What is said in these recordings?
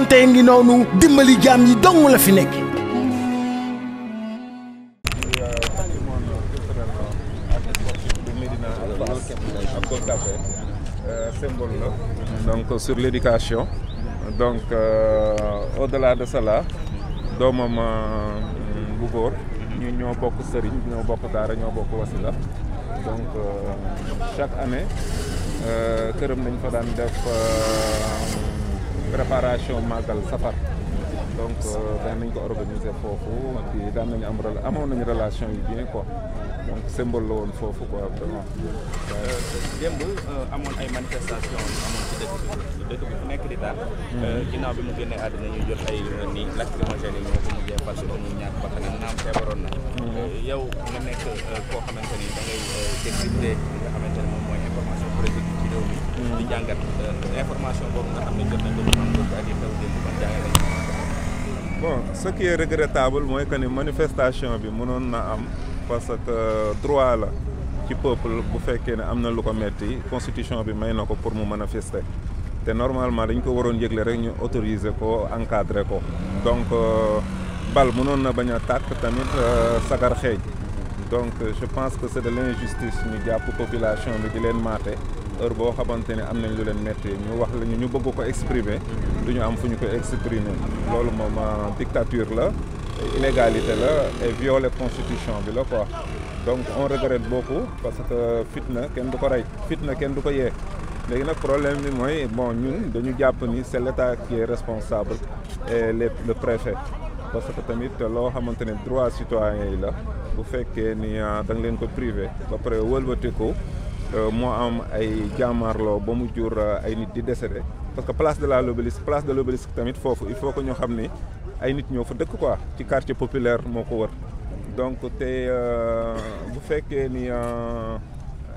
Fonte ngi noonu dimbali jaam yi dong la fi nekk. symbole la donc sur l'éducation donc euh, au-delà de cela doomam euh, bu góor ñu ñoo bokk sëriñ ñoo bokk daara ñoo bokk wasila donc euh, chaque année këram dañ fa daan def. préparation màggal safar donc euh, daan nañ ko organiser foofu puis daan nañu am amoon nañu relation yu bien ko donc symbole la woon foofu quoi vraiment. Euh, démb euh, amoon ay manifestations amoon ci dëkk bi dëkk bi nekk di daal. Hmm. ginnaaw bi mu génnee àddina ñu jot ay nii lacrymogène yi ñoo ko mujjee parce que mu ñàkk ba xanaa naam feebaroon na. Hmm. yow nga nekk koo xamante ni da ngay décrypter nga xamante moom mooy information Mm. di jàngat euh, information boobu nga xam ne jot bon ce qui est regrettable mooy que ni manifestation bi mënoon na am parce que euh, droit la ci peuple bu fekkee ne am na lu ko metti constitution bi may na ko pour mu manifeste te normalement dañ ko waroon yëgle rek ñu autoriser ko encadrer ko donc euh, bal mënoon na bañ a tàkk tamit sagar xeej donc je pense que c'est de l'injustice ñu jàpp population bi di leen maate heure boo xamante ne am nañ lu leen metti ñu wax la ñu bëgg ko exprimer mm-hmm. du ñu am fu ñu ko exprimer loolu moom euh, dictature la illégalité la et violé constitution bi la quoi donc on regrette beaucoup parce que fitna kenn du ko rey fitna kenn du ko yee léegi nag problème bi mooy bon ñu dañu jàpp ni c'est l'État qui est responsable et les le préfet parce que tamit loo xamante ne droit citoyen yi la bu fekkee ni euh, da leen ko privé ba pare wëlbatiku Euh, moo am ay jàmmaarloo ba mu jur euh, ay nit di décédé parce que place de la l'Obélisque place de l'Obélisque tamit foofu il faut que ñu xam ne ay nit ñoo fa dëkk quoi ci quartier populaire moo ko wër donc te euh, bu fekkee ni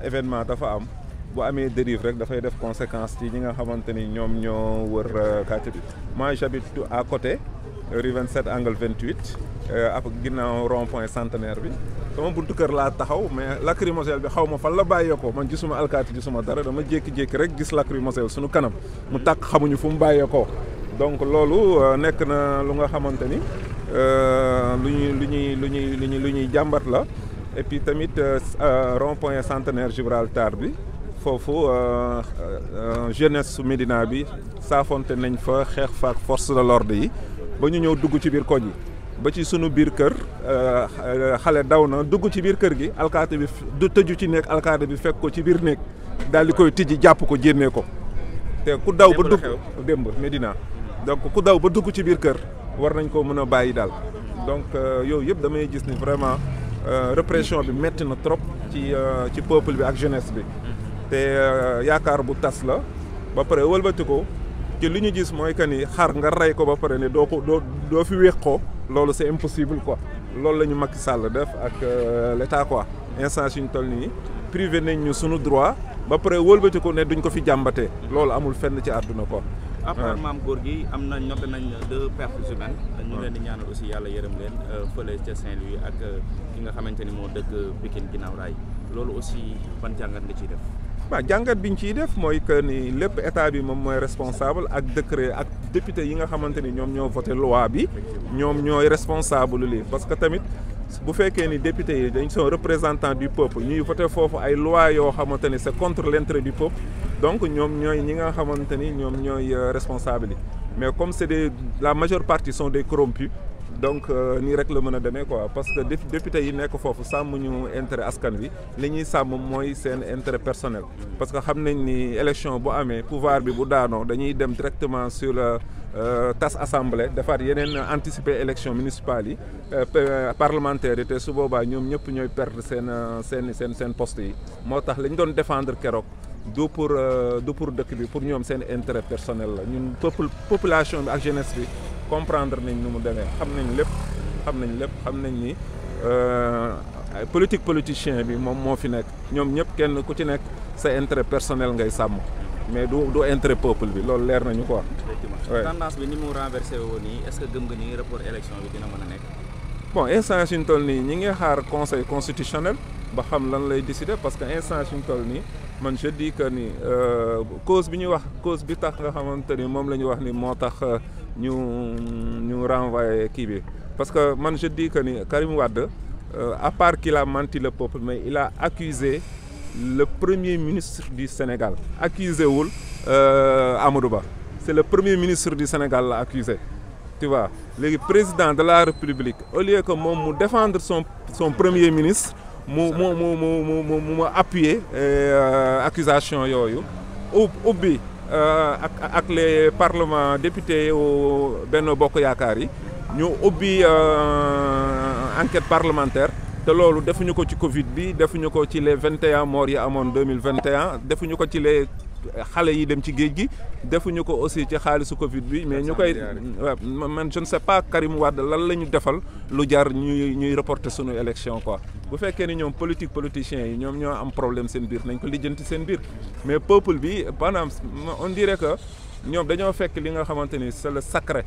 événement dafa am bu amee dérive rek dafay def conséquence ci ñi nga xamante ni ñoom ñoo wër quartier bi moi j'habite à côté rue 27 angle 28 Euh, ak ginnaaw rond point centenaire bi sama buntu kër laa taxaw mais lacrymogène bi xaw ma fan la bàyyeekoo man gisuma alkaati gisuma dara dama jékki-jékki rek gis lacrymogène sunu kanam mu tàkk xamuñu fu mu bàyyeekoo donc loolu euh, nekk na lu nga xamante ni euh, lu ñuy lu ñuy lu ñuy lu ñuy lu ñuy jàmbat la et puis tamit rond point centenaire Gibraltar bi foofu jeunesse su Médina bi saafonte nañ fa xeex fa ak force de l'ordre ñu ñëw dugg ci biir koñ yi. ba ci sunu biir kër euh, xale daw na dugg ci biir kër gi alkaati bi du tëju ci néeg alkaati bi fekk ko ci biir néeg daal di koy tijji jàpp ko jénnee ko te ku daw ba dugg démb Medina donc ku daw ba dugg ci biir kër war nañ koo mën a bàyyi daal donc euh, yooyu yëpp damay gis ni vraiment euh, répression bi metti na trop ci ci peuple bi ak jeunesse bi te yaakaar bu tas la ba pare wëlbati ko te li ñu gis mooy que ni xar nga rey ko ba pare ne doo ko doo doo fi wéex ko loolu c'est impossible quoi loolu la ñu Macky Sall def ak euh, l'état quoi instant suñu toll nii privé nañ ñu suñu droit ba pare wëlbatiku ne duñ ko fi jàmbatee loolu amul fenn ci àdduna ko après maam góor gi am na ñote nañ deux pertes humaines ñu leen di ñaanal aussi yàlla yërëm leen euh, fële ca Saint-Louis ak euh, ki nga xamante ni moo dëkk Pikine ginnaaw raay loolu aussi ban jàngat nga ciy def. waaw jàngat bi ñu ciy def mooy que ni lépp état bi moom mooy responsable ak décret ak. député yi nga xamante ni ñoom ñoo voté loi bi ñoom ñooy responsable li parce que tamit bu fekkee ni député yi dañ sont représentants du peuple ñuy voté foofu ay loi yoo xamante ni c'est contre l'intérêt du peuple donc ñoom ñooy ñi nga xamante ni ñoom ñooy euh, responsable yi mais comme c'est des la majeure partie sont des corrompus donc euh, nii rek la mën a demee quoi parce que député yi nekk foofu sàmmuñu intérêt askan wi li ñuy sàmm mooy seen intérêt personnel. parce que xam nañ ni élection bu amee pouvoir bi bu daanoo dañuy dem directement sur euh, tas assemble defaat yeneen anticiper élection municipale yi euh, parlementaire yi te su boobaa ñoom ñëpp ñooy perdre seen seen seen seen poste yi moo tax lañ doon défendre keroog. du pour du pour dëkk bi pour ñoom seen intérêt personnel la ñun peuple population bi ak jeunesse comprendre nañ nu mu demee xam nañ lépp xam nañ lépp xam nañ ni euh, politique politicien bi moom moo fi nekk ñoom ñëpp kenn ku ci nekk sa intérêt personnel ngay sàmm mais du du intérêt peuple bi loolu leer nañu ko quoi. tendance bi ni mu renversé woon nii est-ce que gëm gi ni rapport élection bi dina mën a nekk. bon instance yu ñu toll nii ñi ngi xaar conseil constitutionnel xam lan lay décider parce que instance yu ñu nii man je dis que ni euh, cause bi ñu wax cause bi tax nga xamante ni moom la ñu wax nii moo tax. Euh, ñu ñu renvoyer kii bi parce que man je dis que ni Karim wadd euh, à part qu'il a menti le peuple mais il a accusé le premier ministre du Sénégal accusé wul euh, Amadou Ba c'est le premier ministre du Sénégal la accusé tu vois léegi président de la République au lieu que moom mu défendre son son premier ministre mu mu mu mu mu euh, accusation yooyu ubbi Euh, ak ak les parlements députés au benn Bokk Yaakaar yi ñu ubbi euh, enquête parlementaire te loolu defuñu ko ci Covid bi defuñu ko ci les 21 morts yi amoon deux mille vingt 2021 defuñu ko ci les. xale yi dem ci géej gi defuñu ko aussi ci xaalisu Covid bi mais ñu koy waaw man je ne sais pas Karim Wade lan la ñu defal lu jar ñuy ñuy reporter sunu élection quoi bu fekkee ni ñoom politique politiciens yi ñoom ñoo am problème seen biir nañ ko lijjanti seen biir mais peuple bi maanaam on dirait que ñoom dañoo fekk li nga xamante ni c'est le sacré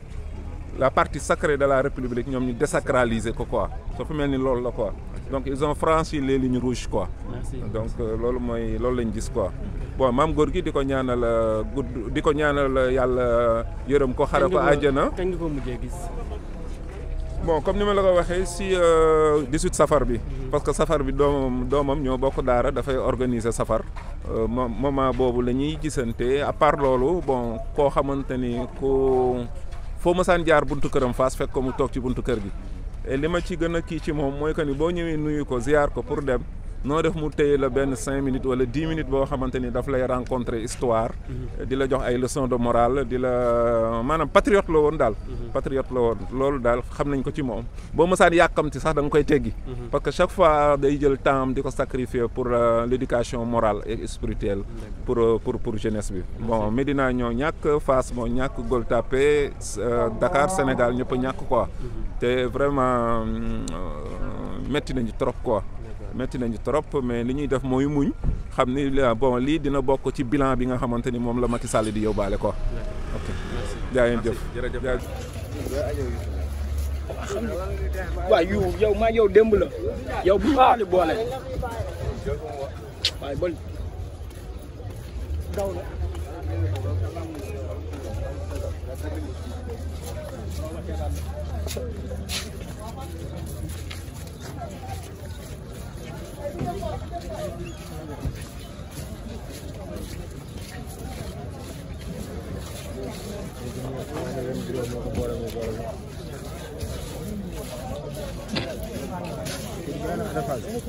la partie sacrée de la république ñoom ñu désacraliser ko quoi dafa mel ni loolu la quoi donc ils ont franchi les lignes rouges quoi. Merci. donc euh, loolu mooy loolu lañ gis quoi. bon maam góor gi di ko ñaanal euh, gudd di ko ñaanal euh, yàlla yërëm ko xare ko àjjana. kañ nga ko mujjee gis. bon comme ni ma la ko waxee si 18 safar bi. Mhm. parce que safar bi doomam doomam ñoo bokk daara dafay organiser safar. moom moment boobu la ñuy gisante à part loolu bon koo xamante ni ku foo mësaan jaar buntu këram faas fekk ko mu toog ci buntu kër gi. Eh, li ma ci gën a kii ci moom mooy que ni boo ñëwee nuyu ko ziar ko pour dem noo def mu téye la benn cinq minutes wala dix minutes boo xamante ni daf lay rencontrer histoire. Mm-hmm. di la jox ay leçons de morale di la maanaam patriote la woon daal. Mm-hmm. patriote la woon loolu daal xam nañ ko ci moom boo mësaan yàkkamti sax da nga koy teggi. Mm-hmm. parce que chaque fois day jël temps di ko sacrifier pour euh, l'éducation morale et spirituelle. pour euh, pour pour jeunesse bi. bon Médina ñoo ñàkk Fass moo ñàkk Gueule Tapée euh, Dakar Sénégal ñëpp ñàkk quoi. te vraiment metti nañu trop quoi. metti nañu trop mais li ñuy def mooy muñ xam ni bon lii dina bokk ci bilan bi nga xamante ni moom la Macky Sall di yóbbaale quoi. ok jaayeen jëf jërëjëf. waaw yu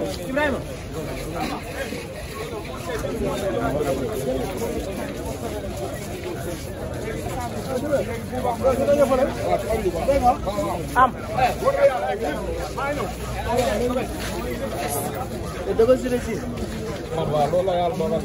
Ibrahima am dëgg si la ci waaw loolu la yàlla dogal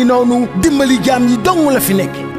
ngi noonu dimbali jaam yi dong la fi nekk